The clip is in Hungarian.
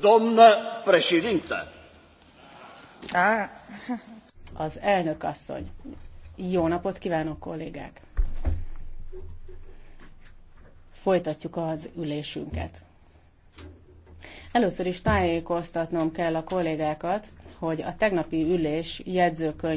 Doamnă președintă! Az elnök asszony. Jó napot kívánok, kollégák! Folytatjuk az ülésünket. Először is tájékoztatnom kell a kollégákat, hogy a tegnapi ülés jegyzőkönyve.